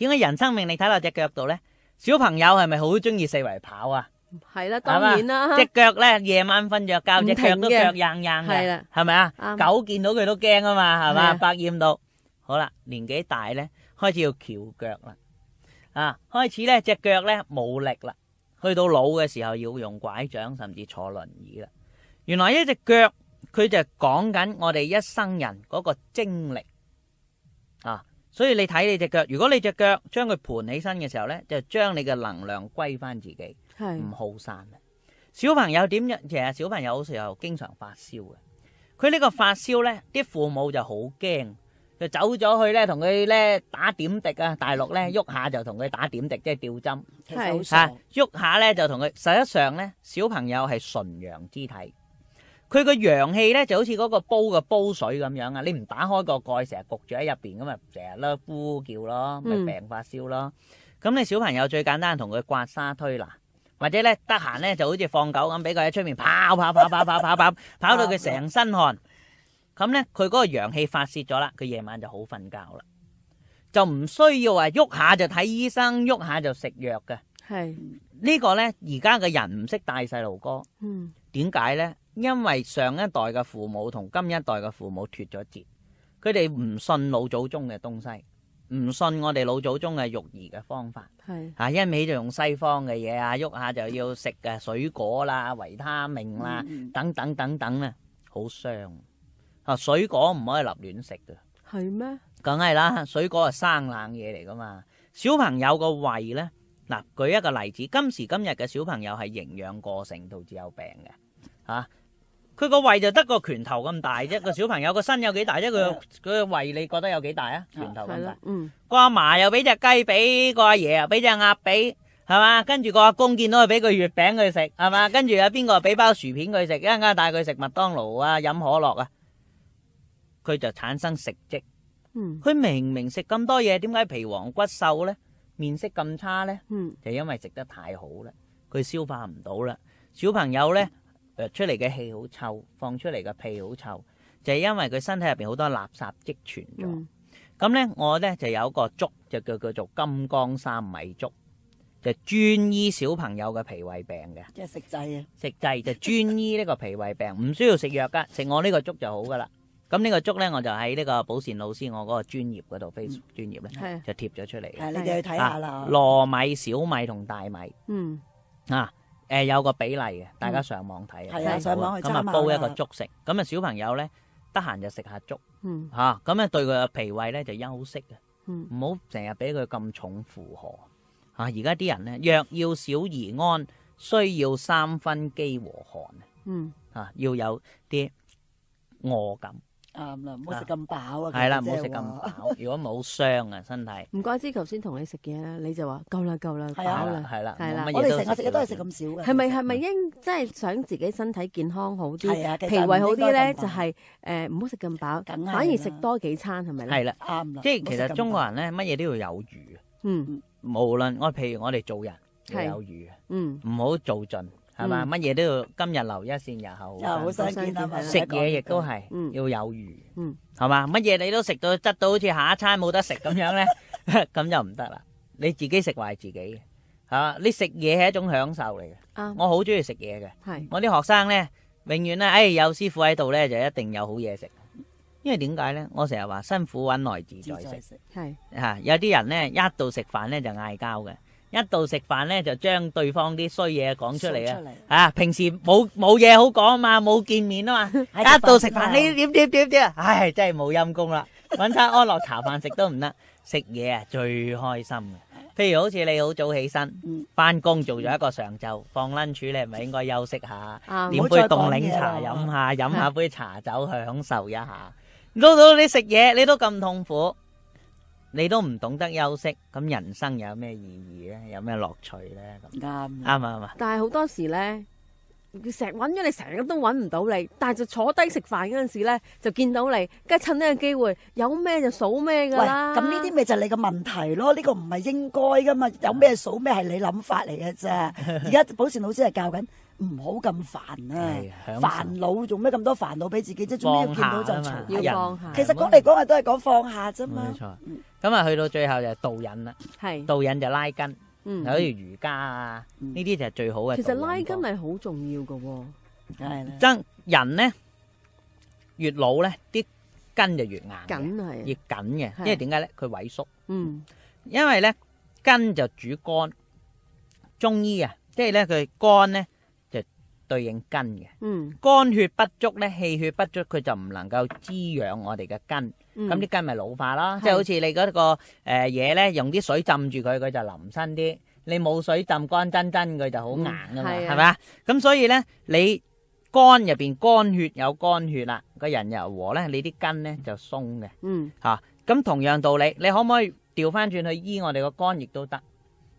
A: 點解人生命力睇落隻腳度咧？小朋友係咪好中意四圍跑啊？係啦，當然啦。隻腳咧，夜晚瞓着覺，隻腳都腳硬硬嘅，係咪啊？狗見到佢都驚啊嘛，係嘛？的百厭到。好啦，年紀大咧，開始要翹腳啦，啊，開始咧隻腳咧冇力啦，去到老嘅時候要用拐杖，甚至坐輪椅啦。原來一隻腳，佢就講緊我哋一生人嗰個精力啊。所以你睇你隻腳，如果你隻腳將佢盤起身嘅時候呢，就將你嘅能量歸翻自己，唔好是耗散。小朋友點樣？其實小朋友有時候經常發燒嘅，佢呢個發燒呢，啲父母就好驚，就走咗去呢，同佢呢打點滴啊。大陸呢，喐下就同佢打點滴，即係吊針吓喐下呢，就同佢。實際上呢，小朋友係純陽之體。佢個陽氣咧就好似嗰個煲嘅煲水咁樣啊！你唔打開個蓋，成日焗住喺入邊，咁咪成日咯呼叫咯，咪病發燒咯。咁你小朋友最簡單同佢刮痧推拿，或者咧得閒咧就好似放狗咁，俾佢喺出面跑跑跑跑跑跑跑，跑到佢成身汗。咁咧佢嗰個陽氣發泄咗啦，佢夜晚就好瞓覺啦，就唔需要話喐下就睇醫生，喐下就食藥嘅。係呢個咧，而家嘅人唔識帶細路哥。嗯，點解咧？因為上一代嘅父母同今一代嘅父母脱咗節，佢哋唔信老祖宗嘅東西，唔信我哋老祖宗嘅育兒嘅方法，係啊，一味就用西方嘅嘢啊，喐下就要食嘅水果啦、維他命啦等等等等咧，好傷啊！水果唔可以立亂食㗎，係咩？梗係啦，水果係生冷嘢嚟噶嘛。小朋友個胃咧，嗱，舉一個例子，今時今日嘅小朋友係營養過剩導致有病嘅，啊。佢個胃就得個拳頭咁大啫，啊、個小朋友個身有幾大啫？佢佢個胃，你覺得有幾大啊？拳頭咁大、啊。嗯。個阿嫲又俾隻雞俾個阿爺啊，俾隻鴨俾係嘛？跟住個阿公見到佢俾個月餅佢食係嘛？跟住有邊個俾包薯片佢食？一陣間帶佢食麥當勞啊，飲可樂啊，佢就產生食積。佢明明食咁多嘢，點解皮黃骨瘦咧？面色咁差咧？嗯、就因為食得太好啦，佢消化唔到啦。小朋友咧。嗯出嚟嘅氣好臭，放出嚟嘅屁好臭，就係、是、因為佢身體入邊好多垃圾積存咗。咁咧、嗯，我咧就有一個粥，就叫叫做金剛三米粥，就專醫小朋友嘅脾胃病嘅。即係食滯啊？食滯就專醫呢個脾胃病，唔 需要食藥噶，食我呢個粥就好噶啦。咁呢個粥咧，我就喺呢個寶善老師我嗰個專業嗰度 Facebook 專業咧，就貼咗出嚟。係、嗯嗯啊、你哋去睇下啦。糯米、啊、小米同大米。
D: 嗯。
A: 啊。誒、呃、有個比例嘅，大家上網睇、嗯、啊，好上網去查下咁啊，煲一個粥食，咁啊、嗯、小朋友咧得閒就食下粥，嚇咁、嗯、啊對佢嘅脾胃咧就休息啊，唔好成日俾佢咁重負荷嚇。而家啲人咧若要小兒安，需要三分飢和寒、嗯、啊，嚇要有啲餓感。
C: 啱啦，唔好食咁飽啊，係啦，唔好食咁
A: 飽。如果冇傷啊，身體。
C: 唔怪之，頭先同你食嘢咧，你就話夠啦，夠啦，飽啦。係啦，係啦，我哋食，我食
B: 嘢都係食咁少嘅。係
C: 咪係咪應即係想自己身體健康好啲，脾胃好啲咧？就係誒，唔好食咁飽，反而食多幾餐係咪咧？係啦，啱啦。即係其實中國人
A: 咧，乜嘢都要有餘。嗯，無論我譬如我哋做人，係有餘。嗯，唔好做盡。係嘛？乜嘢都要今日留一線，日後，啊、嗯，好相見。食嘢亦都係要有餘。嗯，係嘛？乜嘢你都食到執到好似下一餐冇得食咁樣咧，咁 就唔得啦。你自己食壞自己嘅，係嘛？你食嘢係一種享受嚟嘅。啊，我好中意食嘢嘅。係是，我啲學生咧，永遠咧，誒、哎、有師傅喺度咧，就一定有好嘢食。因為點解咧？我成日話辛苦揾嚟自在食。係。嚇，是有啲人咧，一到食飯咧就嗌交嘅。一到食飯咧，就將對方啲衰嘢講出嚟啊！啊，平時冇冇嘢好講啊嘛，冇見面啊嘛，一到食飯，你點點點點？唉，真係冇陰功啦，搵餐安樂 茶飯食都唔得，食嘢啊最開心。譬如好似你好早起身，翻工、嗯、做咗一個上晝，嗯嗯、放 lunch 你係咪應該休息下？點、啊、杯凍檸茶飲下，飲、嗯、下杯茶酒享受一下。老杜， 你食嘢你都咁痛苦。你都唔懂得休息，咁人生有咩意義咧？有咩樂趣咧？咁啱啱啊
C: 但係好多時咧，佢成日揾咗你成日都揾唔到你，但係就坐低食飯嗰陣時咧，就見到你，梗係趁呢個機會，有咩就數咩噶啦。喂，咁呢啲
B: 咪就係你個問題咯？呢個唔係應該噶嘛？有咩數咩係你諗法嚟嘅啫？而家寶善老師係教緊唔好咁煩啊！煩惱做咩咁多煩惱俾自己啫？做咩看要見到就嘈？要放下。人其實講嚟講去都係
C: 講放下啫嘛。冇
A: 錯。 嗯咁啊，去到最後就導引啦，導引就拉筋，好似瑜伽啊，呢啲就係最好嘅。其實拉
C: 筋係好重要嘅喎，真
A: 人咧，越老咧啲筋就越硬，緊係越緊嘅，因為點解咧？佢萎縮，因為咧，筋就主肝，中醫啊，即係咧佢肝咧就對應筋嘅，肝血不足咧，氣血不足佢就唔能夠滋養我哋嘅筋。咁啲筋咪老化咯，嗯、即係好似你嗰、那個誒嘢咧，用啲水浸住佢，佢就腍身啲。你冇水浸乾，真真佢就好硬噶嘛，係咪啊？咁所以咧，你肝入邊肝血有肝血啦，個人又和咧，你啲筋咧就鬆嘅。嗯，吓、啊，咁同樣道理，你可唔可以調翻轉去醫我哋個肝亦都得？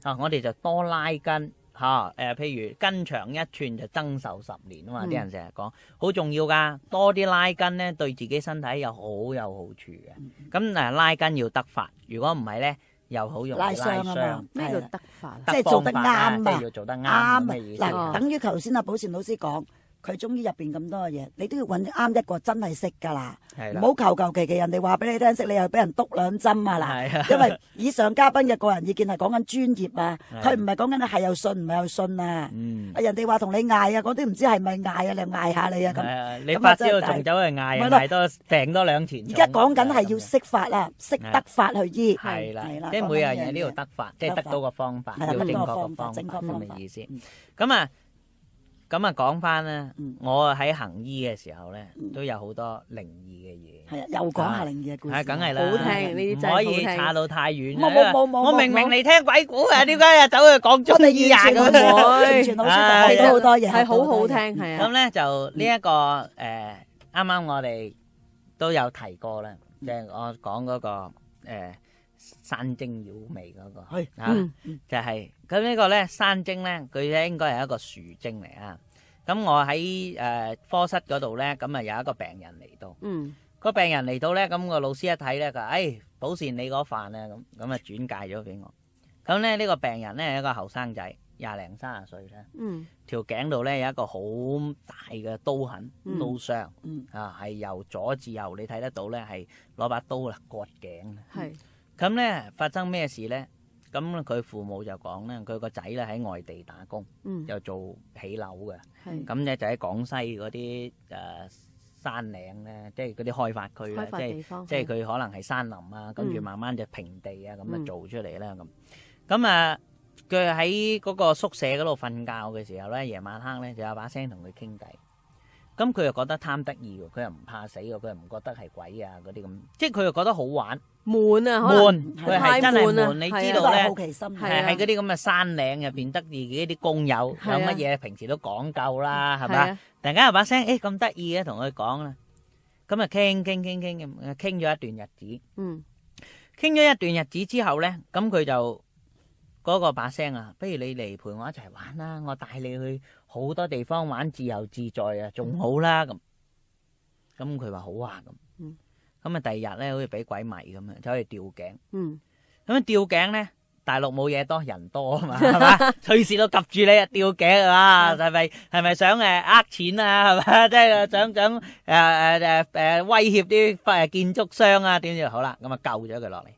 A: 吓、啊，我哋就多拉筋。吓誒，譬、啊、如筋長一寸就增壽十年啊嘛，啲人成日講，好、嗯、重要噶，多啲拉筋咧，對自己身體有好有好處嘅。咁誒、嗯啊，拉筋要得法，如果唔係咧，又好容易拉傷啊咩的叫得法？得
B: 法啊、即係做得啱啊！要做得啱正啊！嗱樣，啊、等於頭先阿寶善老師講。佢中醫入邊咁多嘢，你都要揾啱一個真係識㗎喇，唔好求求其其人哋話俾你聽識，你又俾人督兩針啊嗱，因為以上嘉賓嘅個人意見係講緊專業啊，佢唔係講緊你係又信唔係又信啊，人哋話同你嗌啊，講啲唔知係咪嗌啊，你嗌下你啊，
A: 你發燒仲走去嗌，嗌多訂多兩條。而家
B: 講緊係要識法啊，識得法去醫，係啦，即係每樣嘢呢度得法，即係得到個
A: 方法，係正確嘅方法，咁嘅意思，咁啊。咁啊，講翻咧，我喺行醫嘅時候咧，都有好多靈異嘅嘢。
B: 係啊，又講下靈異嘅故
A: 事，梗係啦，好聽。呢啲真係好聽。唔可以差到太遠啦。冇冇冇冇。我明明嚟聽鬼故嘅，點解又走去講中醫啊？咁樣。係好好聽，係啊。咁咧就呢一個誒，啱啱我哋都有提過啦，即係我講嗰個誒山精妖魅嗰個，啊就係。咁呢個咧，山精咧，佢咧應該係一個樹精嚟啊！咁我喺誒、呃、科室嗰度咧，咁啊有一個病人嚟到。嗯。個病人嚟到咧，咁、那個老師一睇咧，佢話誒、哎、保善你個飯啊！咁咁啊轉介咗俾我。咁咧呢、這個病人咧係一個後生仔，廿零三十歲咧、嗯嗯。嗯。條頸度咧有一個好大嘅刀痕刀傷，啊係由左至右，你睇得到咧係攞把刀啦，割頸。係、嗯。咁咧、嗯、發生咩事咧？咁咧佢父母就講咧，佢個仔咧喺外地打工，嗯、又做起樓嘅。咁咧是就喺廣西嗰啲誒山嶺咧，即係嗰啲開發區咧，即係是的即係佢可能係山林啊，跟住、嗯、慢慢就平地啊咁樣做出嚟啦咁。咁、嗯、啊，佢喺嗰個宿舍嗰度瞓覺嘅時候咧，夜晚黑咧就有把聲同佢傾偈。咁佢又覺得貪得意喎，佢又唔怕死喎，佢又唔覺得係鬼啊嗰啲咁，即係佢又覺得好玩。悶啊，悶，佢係真係悶。悶悶啊、你知道咧，係喺嗰啲咁嘅山嶺入邊，得自己啲工友有乜嘢，平時都講夠啦，係嘛？突然間有把聲，誒咁得意嘅，同佢講啦，咁啊傾傾傾傾咁傾咗一段日子，嗯，傾咗一段日子之後咧，咁佢就嗰個把聲啊，不如你嚟陪我一齊玩啦，我帶你去。好多地方玩自由自在啊，仲好啦咁。咁佢話好啊咁。咁啊，第二日咧，好似俾鬼迷咁樣，走去吊頸。咁樣吊頸咧，大陸冇嘢多，人多啊嘛，係嘛？隨時都及住你啊，吊頸啊，係咪？係咪想誒呃錢啊，係嘛？即係想想誒誒誒誒威脅啲誒建築商啊？點知好啦，咁啊救咗佢落嚟。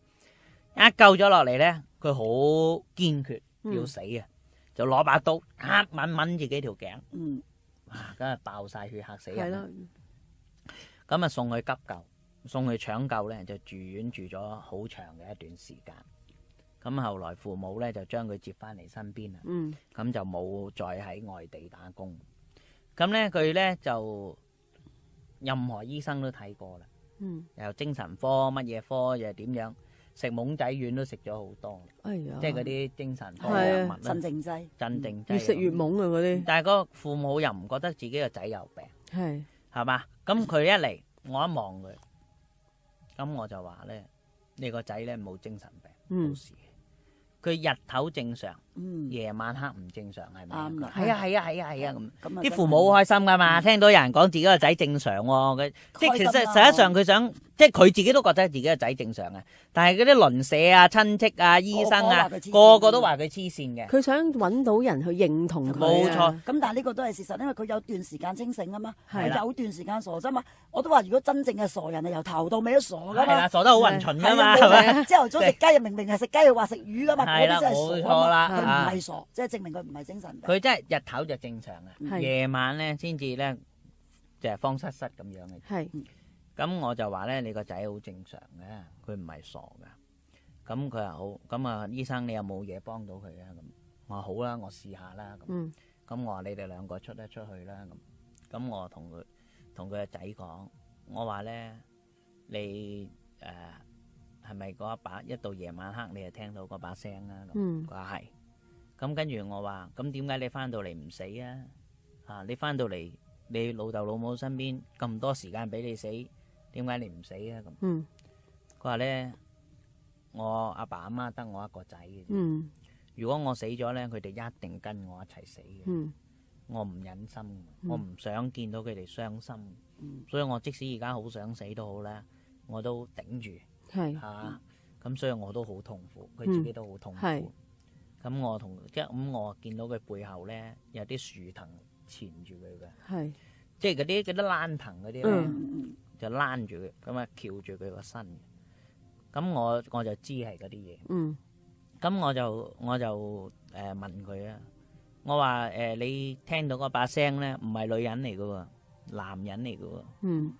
A: 一救咗落嚟咧，佢好堅決要死啊！就攞把刀，嚇，掹掹自己條頸，嗯、哇，咁啊爆晒血，嚇死人！咁啊的送去急救，送去搶救咧，就住院住咗好長嘅一段時間。咁後來父母咧就將佢接翻嚟身邊啦，咁、嗯、就冇再喺外地打工。咁咧佢咧就任何醫生都睇過啦，又、嗯、精神科乜嘢科又點樣？食懵仔丸都食咗好多，哎、呀即係嗰啲精神科藥物，鎮定劑，越食越懵啊！嗰啲，些但係個父母又唔覺得自己個仔有病，係的，係嘛？咁佢一嚟，我一望佢，咁我就話咧：你個仔咧冇精神病，冇事，佢、嗯、日頭正常。夜晚黑唔正常係咪啱啦？係啊係啊係啊係啊咁，啲父母好開心噶嘛，聽到有人講自己個仔正常喎，即係其實實際上佢想，即係佢自己都覺得自己個仔正常嘅。但係嗰啲鄰舍啊、親戚啊、醫生啊，個個都話佢黐線嘅。佢想揾到人去認同佢。冇錯。
B: 咁但係呢個都係事實，因為佢有段時間清醒啊嘛，佢有段時間傻啫嘛。我都話如果真正嘅傻人係由頭到尾都傻噶嘛，傻得好勻循噶嘛，係咪？朝頭早食雞，明明係食雞，又話食魚噶嘛，咁真係傻啦。唔係傻，啊、即係證明
A: 佢唔係精神病。佢真係日頭就正常啊，夜是晚咧先至咧就係慌失失咁樣嘅。係是，咁我就話咧，你個仔好正常嘅，佢唔係傻㗎。咁佢話好，咁啊醫生，你有冇嘢幫到佢啊？咁我話好啦，我試下啦。咁咁、嗯、我話你哋兩個出一出去啦。咁咁我同佢同佢個仔講，我話咧你誒係咪嗰把一到夜晚黑你就聽到嗰把聲啊？嗯，佢話係。咁跟住我話，咁點解你返到嚟唔死啊？啊，你返到嚟你老豆老母身邊咁多時間俾你死，點解你唔死啊？咁、嗯，佢話咧，我阿爸阿媽得我一個仔嘅，嗯、如果我死咗咧，佢哋一定跟我一齊死嘅，嗯、我唔忍心，嗯、我唔想見到佢哋傷心，嗯、所以我即使而家好想死都好啦，我都頂住，嚇是，咁、啊、所以我都好痛苦，佢自己都好痛苦。嗯咁、嗯、我同即係咁我見到佢背後咧有啲樹藤纏住佢嘅，係是即係嗰啲嗰啲攣藤嗰啲，嗯，就攣住佢，咁啊翹住佢個身。咁我我就知係嗰啲嘢。嗯，咁我就我就誒、呃、問佢啊，我話誒、呃、你聽到嗰把聲咧唔係女人嚟嘅喎，男人嚟嘅喎。嗯，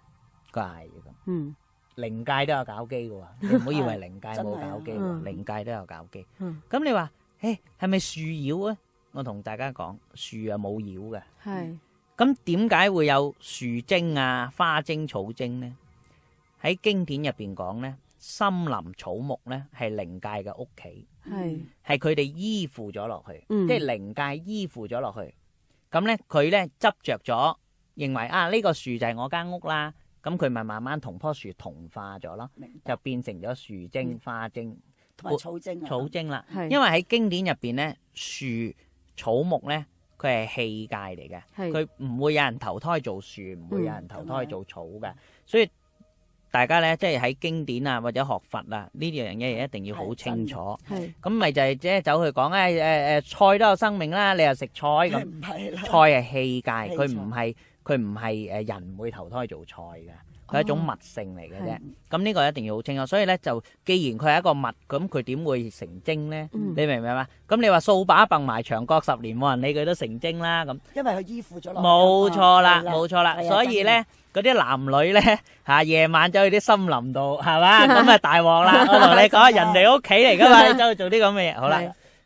A: 怪嘅咁。嗯，靈界都有搞基嘅喎，你唔好以為靈界冇搞基喎，啊啊嗯、靈界都有搞基。嗯，咁、嗯、你話？誒，係咪樹妖啊？我同大家講，樹啊冇妖嘅。係是，咁點解會有樹精啊、花精、草精呢？喺經典入邊講呢，森林草木呢係靈界嘅屋企，係是，係佢哋依附咗落去，即係靈界依附咗落去。咁、嗯、呢，佢呢執着咗，認為啊呢、呢個樹就係我間屋啦。咁佢咪慢慢同棵樹同化咗咯，白就變成咗樹精、花精。嗯
C: 同埋草精，草
A: 精啦。因為喺經典入邊咧，樹草木咧，佢係器界嚟嘅，佢唔會有人投胎做樹，唔會有人投胎做草嘅。所以大家咧，即係喺經典啊，或者學佛啊，呢啲樣嘢一定要好清楚。係，咁咪就係即係走去講咧，誒誒，菜都有生命啦，你又食菜咁，菜係器界，佢唔係佢唔係誒人會投胎做菜嘅。佢係一種物性嚟嘅啫，咁呢個一定要好清楚。所以咧，就既然佢係一個物，咁佢點會成精咧？你明唔明啊？咁你話掃把一崩埋牆角十年冇人理佢都成精啦咁。
B: 因為佢依附咗落。冇錯啦，冇錯啦。所以咧，
A: 嗰啲男女咧嚇，夜晚走去啲森林度係嘛，咁啊大鑊啦！我同你講，人哋屋企嚟㗎嘛，你走去做啲咁嘅嘢，好啦。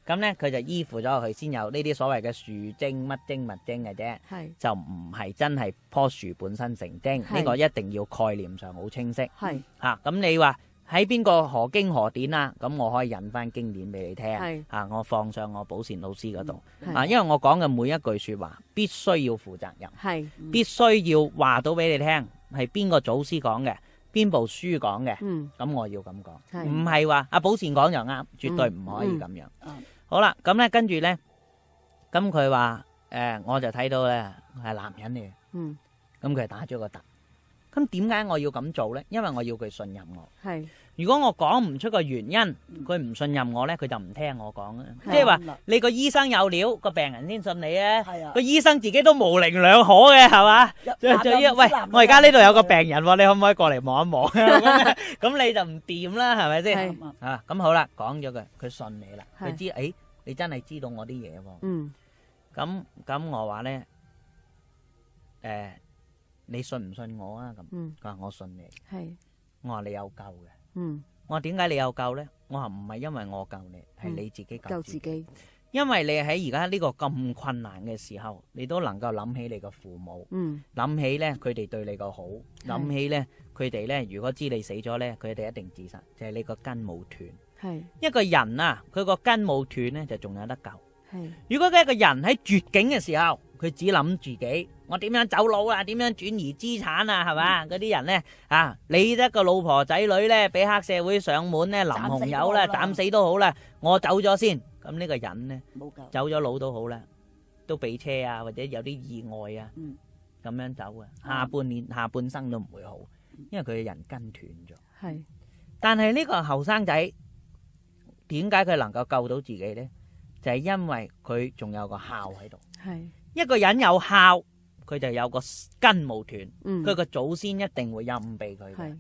A: 咁呢，佢就依附咗佢先有呢啲所謂嘅樹精、乜精、蜂精、物精嘅啫，就唔係真係樖樹本身成精。呢是個一定要概念上好清晰。係嚇是，咁、啊嗯、你話喺邊個何經何典啊？咁、嗯、我可以引翻經典俾你聽。係、啊、我放上我寶善老師嗰度。啊，因為我講嘅每一句説話必須要負責任，係是必須要話到俾你聽係邊個祖師講嘅，邊部書講嘅、啊啊是嗯。嗯，咁我要咁講，唔係話阿寶善講就啱，絕對唔可以咁樣。好啦，咁咧跟住咧，咁佢話誒，我就睇到咧係男人嚟，嗯，咁佢就打咗個突。咁點解我要咁做咧？因為我要佢信任我。係。如果我講唔出個原因，佢唔信任我咧，佢就唔聽我講啦。即係話，你個醫生有料，個病人先信你啊。係啊。個醫生自己都模稜兩可嘅，係嘛？喂，我而家呢度有個病人，你可唔可以過嚟望一望？咁你就唔掂啦，係咪先？啊，咁好啦，講咗佢，佢信你啦，佢知，誒，你真係知道我啲嘢喎。嗯。咁咁，我話咧，誒。你信唔信我啊？咁佢話我信你，係是我話你有救嘅。嗯，我話點解你有救咧？我話唔係因為我救你，係你自己救自己。救自己，因為你喺而家呢個咁困難嘅時候，你都能夠諗起你個父母，
D: 諗、
A: 嗯、起咧佢哋對你嘅好，諗是起咧佢哋咧如果知你死咗咧，佢哋一定自殺。就係、是、你個根冇斷，係是一個人啊，佢個根冇斷咧，就仲有得救。如果佢一個人喺絕境嘅時候，佢只諗自己，我點樣走佬啊？點樣轉移資產啊？係嘛？嗰啲、嗯、人呢，啊，你一個老婆仔女呢，俾黑社會上門呢，淋紅油啦，斬死都好啦，我走咗先。咁呢個人咧，走咗佬都好啦，都俾車啊，或者有啲意外啊，咁、嗯、樣走啊，下半年、嗯、下半生都唔會好，因為佢嘅人筋斷咗。係、嗯，但係呢個後生仔，點解佢能夠救到自己呢？就係因為佢仲有個孝喺度，係一個人有孝，佢就有個根無斷，佢個、嗯、祖先一定會蔭庇佢。係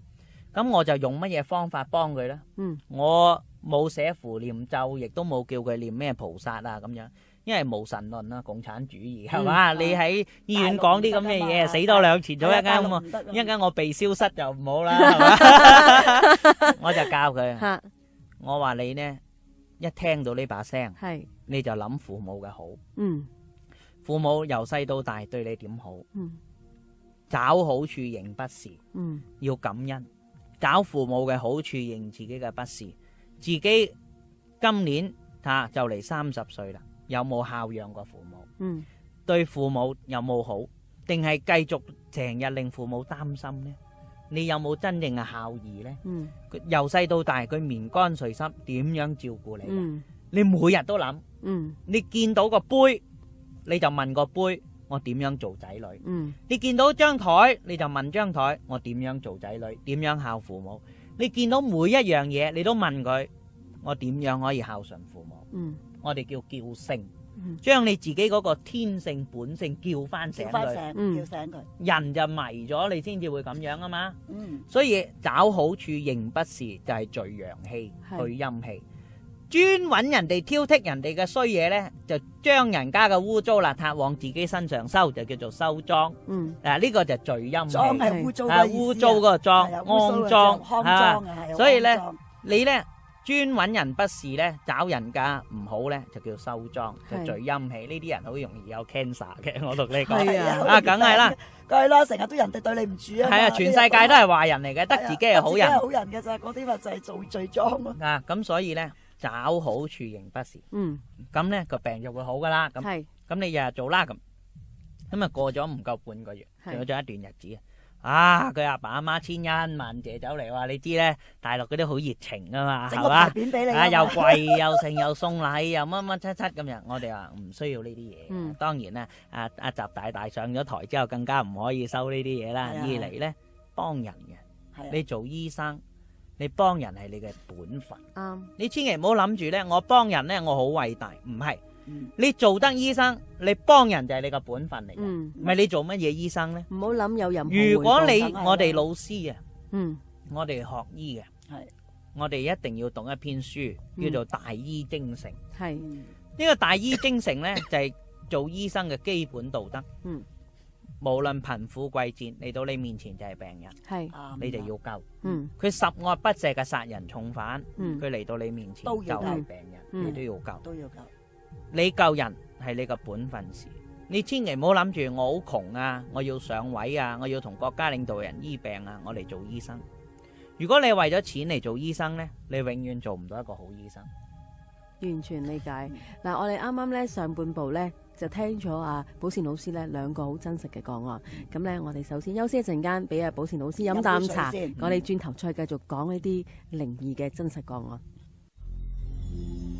A: 咁是我就用乜嘢方法幫佢咧？嗯，我冇寫符念咒，亦都冇叫佢念咩菩薩啊咁樣，因為無神論啦，共產主義係、嗯、嘛？你喺醫院講啲咁嘅嘢，死多兩次，早一間，一陣間、啊、我被消失就唔好啦。 我就教佢，我話你呢。你呢」一聽到呢把聲，係你就諗父母嘅好，
D: 嗯，
A: 父母由細到大對你點好，
D: 嗯，
A: 找好處認不是，
D: 嗯，
A: 要感恩，找父母嘅好處認自己嘅不是，自己今年吓就嚟三十歲啦，有冇孝養過父母？嗯，對父母有冇好，定係繼續成日令父母擔心呢？你有冇真正嘅孝義呢？佢由細到大，佢面乾水濕，點樣照顧你？嗯、你每日都諗，嗯、你見到個杯，你就問個杯，我點樣做仔女？嗯、你見到張台，你就問張台，我點樣做仔女？點樣孝父母？你見到每一樣嘢，你都問佢，我點樣可以孝順父母？嗯、我哋叫叫聖。將你自己嗰個天性本性叫翻醒，叫醒佢。人就迷咗，你先至會咁樣啊嘛。嗯，所以找好處認不是就係聚陽氣去陰氣，專揾人哋挑剔人哋嘅衰嘢咧，就將人家嘅污糟邋遢往自己身上收，就叫做收贓。嗯，誒呢個就聚陰氣，係污糟個贓，骯髒係嘛，所以咧你咧。專揾人不是咧，找人家唔好咧，就叫做收莊，就聚陰氣。呢啲人好容易有 cancer 嘅，我同你講啊，梗係啦，梗係啦，
B: 成日都人哋對你唔住
A: 啊，係啊，全世界都係壞人嚟嘅，得自己係好人，好
B: 人嘅咋？嗰啲咪就係做罪莊
A: 咯。啊，咁所以咧，找好處型不是，嗯，咁咧個病就會好噶啦。咁，咁你日日做啦，咁，咁啊過咗唔夠半個月，仲有咗一段日子。啊！佢阿爸阿媽千恩萬謝走嚟話你知咧，大陸嗰啲好熱情噶嘛，係嘛？隨便俾你，啊，又貴又剩又送禮又乜乜七七咁樣，我哋話唔需要呢啲嘢。當然啦，阿阿習大大上咗台之後更加唔可以收、嗯、以呢啲嘢啦。二嚟咧，幫人嘅，你做醫生，你幫人係你嘅本分。啱、嗯，你千祈唔好諗住咧，我幫人咧，我好偉大，唔係。你做得醫生，你幫人就係你個本分嚟嘅。唔係你做乜嘢醫生咧？唔好諗有人。如果你我哋老師啊，嗯，我哋學醫嘅係，我哋一定要讀一篇書，叫做《大醫精誠》。係呢個《大醫精誠》咧，就係做醫生嘅基本道德。嗯，無論貧富貴賤嚟到你面前就係病人，係你就要救。嗯，佢十惡不赦嘅殺人重犯，佢嚟到你面前就係病人，你都要救。都要救。你救人係你個本分事，你千祈唔好諗住我好窮啊，我要上位啊，我要同國家領導人醫病啊，我嚟做醫生。如果你為咗錢嚟做醫生呢，你永遠做唔到一個好醫生。
C: 完全理解。嗱、嗯，我哋啱啱呢上半部呢，就聽咗阿寶善老師呢兩個好真實嘅個案。咁呢，我哋首先休息一陣間，俾阿寶善老師飲啖茶，嗯、我哋轉頭再繼續講呢啲靈異嘅真實個案。嗯